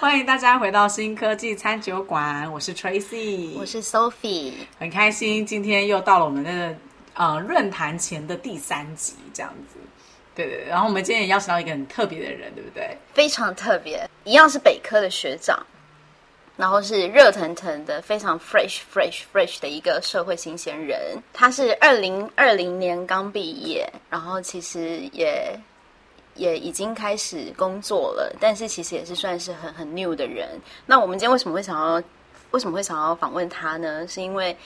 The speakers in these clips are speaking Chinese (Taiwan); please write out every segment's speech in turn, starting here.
歡迎大家回到新科技餐酒館，我是 Tracy，我是 Sophie，很開心今天又到了我們的、那個、呃論壇前的第三集這樣子，對對，然後我們今天也邀請到一個很特別的人，對不對？非常特別，一樣是北科的學長，然後是熱騰騰的、非常 fresh fresh fresh 的一個社會新鮮人，他是二零二零年剛畢業，然後其實也，也已經開始工作了，但是其實也是算是很很 new 的人。那我們今天為什麼會想要為什麼會想要訪問他呢？是因為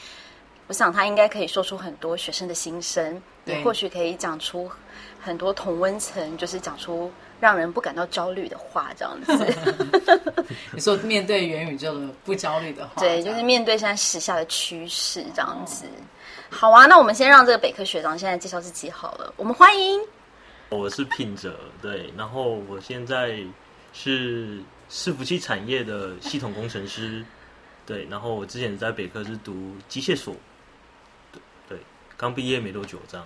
我想他應該可以說出很多學生的心聲，對也或許可以講出很多同溫層，就是講出讓人不感到焦慮的話，這樣子。 你說面對元宇宙的不焦慮的話， 對，就是面對現在時下的趨勢這樣子。哦、好啊，那我們先讓這個北科學長現在介紹自己好了，我們歡迎。我是聘者，對，然後我現在是伺服器產業的系統工程師，對，然後我之前在北科是讀機械所，對對，剛畢業沒多久這樣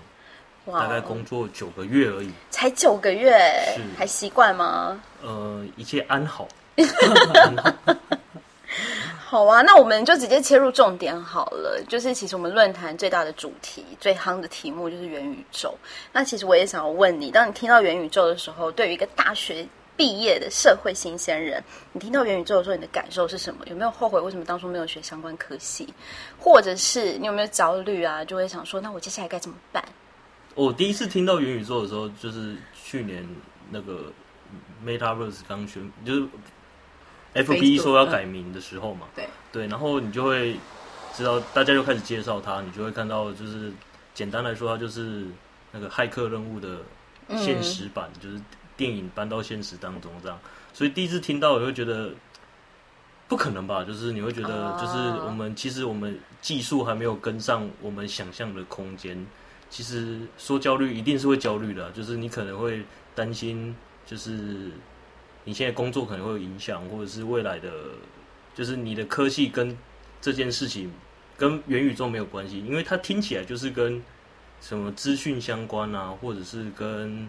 ，wow, 大概工作九個月而已，才九個月，是還習慣嗎？呃，一切安好。 好啊，那我們就直接切入重點好了。就是其實我們論壇最大的主題、最夯的題目就是元宇宙。那其實我也想要問你，當你聽到元宇宙的時候，對於一個大學畢業的社會新鮮人，你聽到元宇宙的時候，你的感受是什麼？有沒有後悔為什麼當初沒有學相關科系，或者是你有沒有焦慮啊？就會想說，那我接下來該怎麼辦？我、哦、第一次聽到元宇宙的時候，就是去年那個 Metaverse 剛學就是。FB 說要改名的時候嘛，對，然後你就會知道，大家就開始介紹它，你就會看到，就是簡單來說，它就是那個駭客任務的現實版，就是電影搬到現實當中這樣。所以第一次聽到，你會覺得不可能吧？就是你會覺得，就是我們其實我們技術還沒有跟上我們想象的空間。其實說焦慮一定是會焦慮的，就是你可能會擔心，就是。你現在工作可能會有影響，或者是未來的，就是你的科技跟這件事情跟元宇宙沒有關係，因為它聽起來就是跟什麼資訊相關啊，或者是跟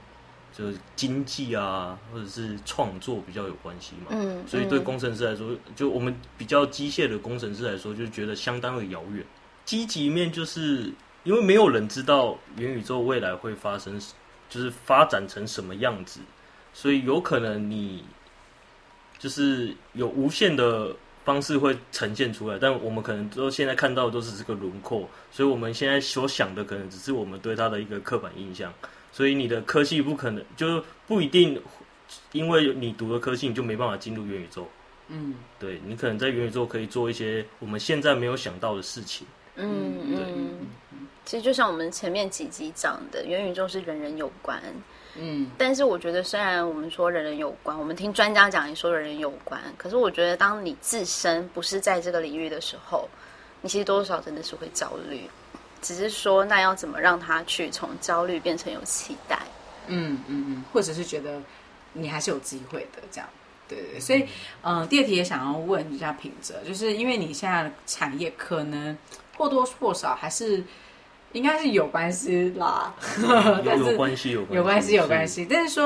就是經濟啊，或者是創作比較有關係嘛。嗯，所以對工程師來說，嗯、就我們比較機械的工程師來說，就覺得相當的遙遠。積極面就是因為沒有人知道元宇宙未來會發生，就是發展成什麼樣子。所以有可能你就是有無限的方式會呈現出來，但我們可能都現在看到的都是這個輪廓，所以我們現在所想的可能只是我們對它的一個刻板印象。所以你的科技不可能就不一定，因為你讀的科技你就沒辦法進入元宇宙。嗯，對，你可能在元宇宙可以做一些我們現在沒有想到的事情。嗯，嗯對。其實就像我們前面幾集講的，元宇宙是人人有關。嗯，但是我覺得，雖然我們說人人有關，我們聽專家講，你說人人有關，可是我覺得，當你自身不是在這個領域的時候，你其實多多少真的是會焦慮。只是說，那要怎麼讓他去從焦慮變成有期待？嗯嗯嗯，或者是覺得你還是有機會的這樣。對對對，所以嗯、呃，第二題也想要問一下平澤，就是因為你現在的產業可能或多或少還是。應該是有關係啦，有 但是有關係有關係有關係。但是說，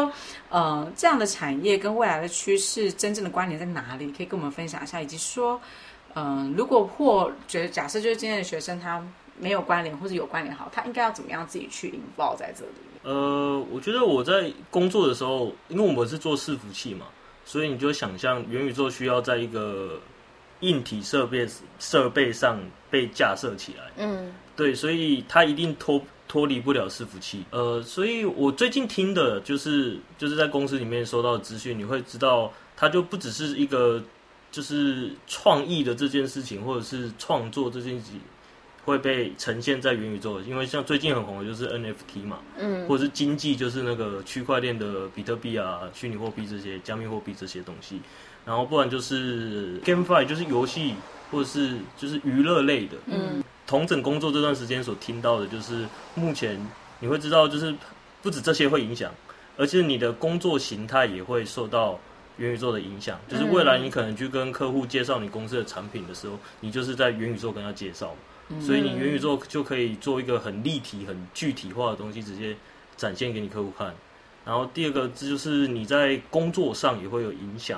嗯、呃，這樣的產業跟未來的趨勢真正的關聯在哪裡？可以跟我們分享一下，以及說，嗯、呃，如果或覺得假設就是今天的學生他沒有關聯、嗯、或者有關聯好，他應該要怎麼樣自己去引爆在這裡？呃，我覺得我在工作的時候，因為我們是做伺服器嘛，所以你就想象元宇宙需要在一個。硬體設備設備上被架設起來，嗯，對，所以它一定脫脫離不了伺服器。呃，所以我最近聽的就是就是在公司裡面收到的資訊，你會知道它就不只是一個就是創意的這件事情，或者是創作這件事情會被呈現在元宇宙。因為像最近很紅的就是 NFT 嘛，嗯，或者是經濟就是那個區塊鏈的比特幣啊、虛擬貨幣這些加密貨幣這些東西。然後，不然就是 GameFi 就是遊戲或者是就是娛樂類的。嗯，同整工作這段時間所聽到的，就是目前你會知道，就是不止這些會影響，而且你的工作形態也會受到元宇宙的影響。就是未來你可能去跟客戶介紹你公司的產品的時候，你就是在元宇宙跟他介紹。所以你元宇宙就可以做一個很立體、很具體化的東西，直接展現給你客戶看。然後第二個這就是你在工作上也會有影響。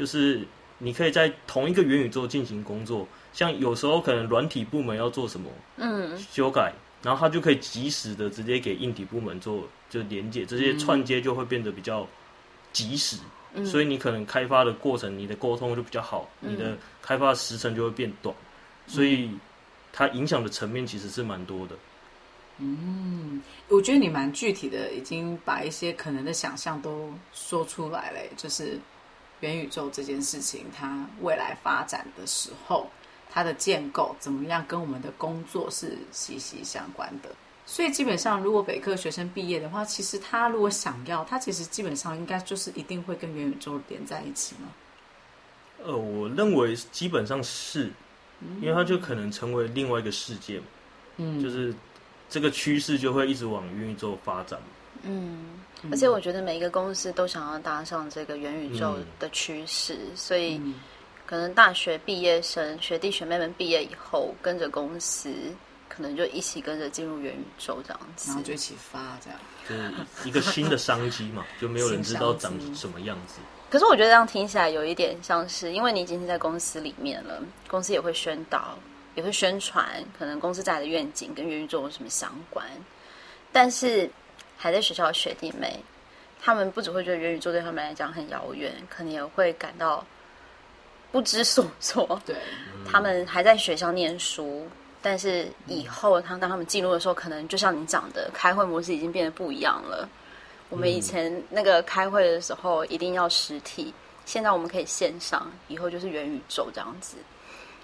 就是你可以在同一個元宇宙進行工作，像有時候可能軟體部門要做什麼，嗯，修改，然後他就可以及時的直接給硬體部門做，就連接這些串接就會變得比較及時，嗯、所以你可能開發的過程，你的溝通就比較好，嗯、你的開發時程就會變短，嗯、所以它影響的層面其實是蠻多的。嗯，我覺得你蠻具體的，已經把一些可能的想象都說出來了，就是。元宇宙這件事情，它未來發展的時候，它的建構怎麼樣跟我們的工作是息息相關的。所以基本上，如果北科學生畢業的話，其實他如果想要，他其實基本上應該就是一定會跟元宇宙連在一起嘛。呃，我認為基本上是，因為他就可能成為另外一個世界嘛。嗯，就是這個趨勢就會一直往元宇宙發展。嗯，嗯，而且我覺得每一個公司都想要搭上這個元宇宙的趨勢，嗯，所以可能大學畢業生學弟學妹們畢業以後，跟着公司可能就一起跟着進入元宇宙這樣子，然後就一起發這樣，就是一個新的商機嘛， 就沒有人知道長什麼樣子。可是我覺得這樣聽起來有一點像是，因為你已經是在公司裡面了，公司也會宣導，也會宣傳，可能公司在的願景跟元宇宙有什麼相關，但是還在學校的學弟妹，他們不只會覺得元宇宙對他們來講很遙遠，可能也會感到不知所措。對，嗯、他們還在學校念書，但是以後他、嗯、當他們進入的時候，可能就像你講的，開會模式已經變得不一樣了。我們以前那個開會的時候一定要實體，嗯、現在我們可以線上，以後就是元宇宙這樣子。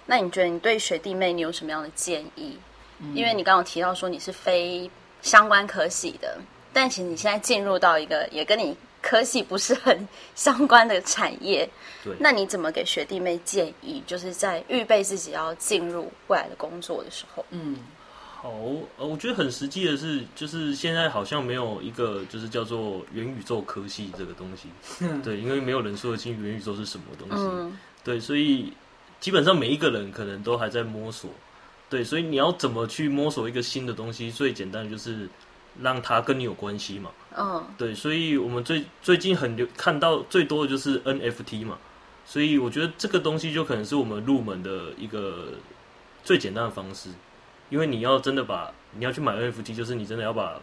那你覺得你對學弟妹你有什麼樣的建議？嗯、因為你剛剛有提到說你是非相關科系的。但其實你現在進入到一個也跟你科系不是很相關的產業，對，那你怎麼給學弟妹建議，就是在預備自己要進入未來的工作的時候？嗯，好，呃，我覺得很實際的是，就是現在好像沒有一個就是叫做元宇宙科系這個東西，呵呵對，因為沒有人說得清元宇宙是什麼東西，嗯、對，所以基本上每一個人可能都還在摸索，對，所以你要怎麼去摸索一個新的東西？最簡單的就是。讓他跟你有關係嘛，嗯，oh. 對，所以我們最最近很流看到最多的就是 NFT 嘛，所以我覺得這個東西就可能是我們入門的一個最簡單的方式，因為你要真的把你要去買 NFT，就是你真的要把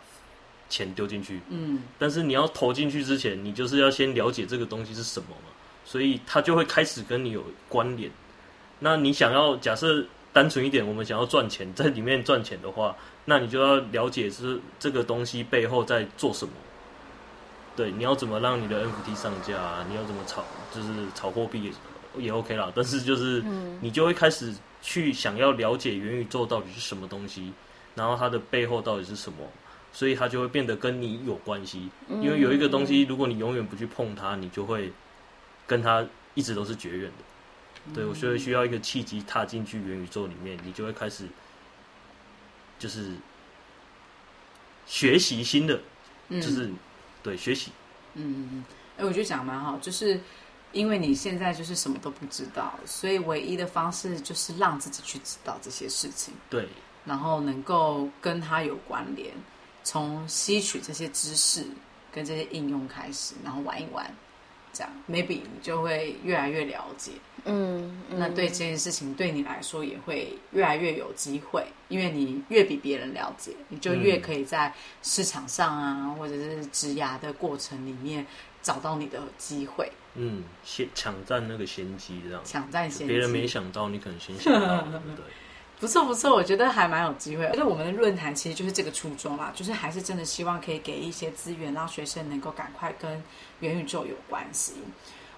錢丟進去，嗯，mm. 但是你要投進去之前，你就是要先了解這個東西是什麼嘛，所以它就會開始跟你有關聯，那你想要假設。單純一點，我們想要賺錢，在裡面賺錢的話，那你就要了解是這個東西背後在做什麼。對，你要怎麼讓你的 NFT 上架啊？你要怎麼炒？就是炒貨幣也，也 OK 啦。但是就是，你就會開始去想要了解元宇宙到底是什麼東西，然後它的背後到底是什麼，所以它就會變得跟你有關係。因為有一個東西，如果你永遠不去碰它，你就會跟它一直都是絕緣的。對，我覺得需要一個契機，踏進去元宇宙裡面，嗯、你就會開始，就是學習新的，嗯、就是對學習。嗯，嗯嗯，哎，我覺得講蠻好，就是因為你現在就是什麼都不知道，所以唯一的方式就是讓自己去知道這些事情，對，然後能夠跟他有關聯，從吸取這些知識跟這些應用開始，然後玩一玩。這樣，maybe 你就會越來越了解，嗯，嗯，那對這件事情對你來說也會越來越有機會，因為你越比別人了解，你就越可以在市場上啊，嗯、或者是職涯的過程裡面找到你的機會，嗯，先搶占那個先機，這樣，搶占先機，別人沒想到你可能先想到， 對。不錯不錯，我覺得還蠻有機會。而且我們的論壇其實就是這個初衷啦，就是還是真的希望可以給一些資源，讓學生能夠趕快跟元宇宙有關係。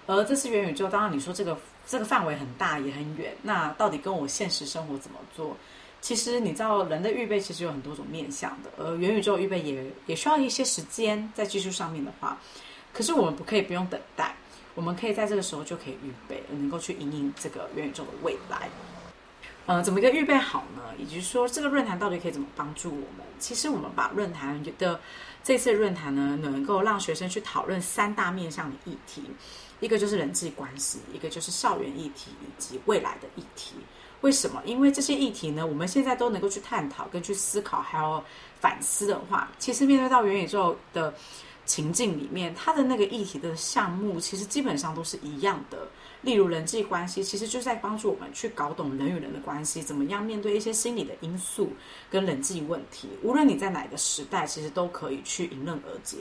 而這次元宇宙，當然你說這個這個範圍很大也很遠，那到底跟我現實生活怎麼做？其實你知道，人的預備其實有很多種面向的，而元宇宙預備也也需要一些時間在技術上面的話，可是我們不可以不用等待，我們可以在這個時候就可以預備，能夠去迎迎這個元宇宙的未來。呃怎麼一個預備好呢？以及說這個論壇到底可以怎麼幫助我們？其實我們把論壇覺得這次論壇呢，能夠讓學生去討論三大面向的議題，一個就是人際關係，一個就是校園議題，以及未來的議題。為什麼？因為這些議題呢，我們現在都能夠去探討跟去思考，還有反思的話，其實面對到元宇宙的。情境裡面，他的那個議題的項目其實基本上都是一樣的。例如人際關係，其實就在幫助我們去搞懂人與人的關係，怎麼樣面對一些心理的因素跟人際問題。無論你在哪個時代，其實都可以去迎刃而解。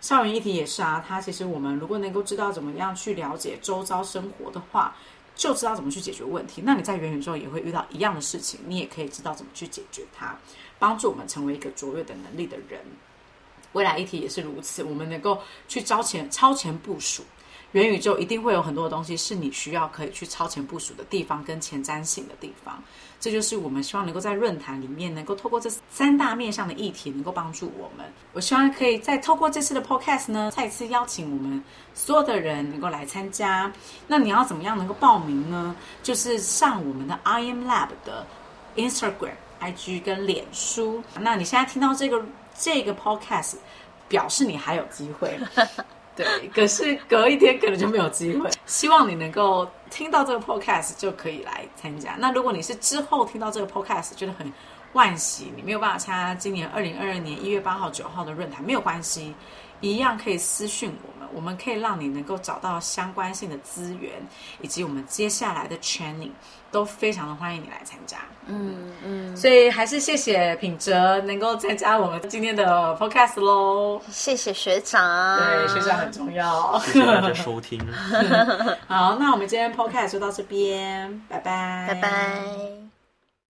校園議題也是啊，它其實我們如果能夠知道怎麼樣去了解周遭生活的話，就知道怎麼去解決問題。那你在元宇宙也會遇到一樣的事情，你也可以知道怎麼去解決它，幫助我們成為一個卓越的能力的人。未來議題也是如此，我們能夠去超前、超前部署元宇宙，一定會有很多的東西是你需要可以去超前部署的地方跟前瞻性的地方。這就是我們希望能夠在論壇裡面能夠透過這三大面向的議題，能夠幫助我們。我希望可以再透過這次的 Podcast 呢，再一次邀請我們所有的人能夠來參加。那你要怎麼樣能夠報名呢？就是上我們的 IM Lab 的 Instagram、IG 跟臉書。那你現在聽到這個。這個 podcast 表示你還有機會，對，可是隔一天可能就沒有機會。希望你能夠聽到這個 podcast 就可以來參加。那如果你是之後聽到這個 podcast 覺得很惋惜，你沒有辦法參加今年二零二二年一月八號九號的論壇，沒有關係，一樣可以私訊我。我們可以讓你能夠找到相關性的資源，以及我們接下來的 training 都非常的歡迎你來參加。嗯嗯，嗯所以還是謝謝品哲能夠參加我們今天的 podcast 嘍。謝謝學長，對學長很重要。謝謝收聽 、嗯。好，那我們今天 podcast 就到這邊，拜拜，拜拜。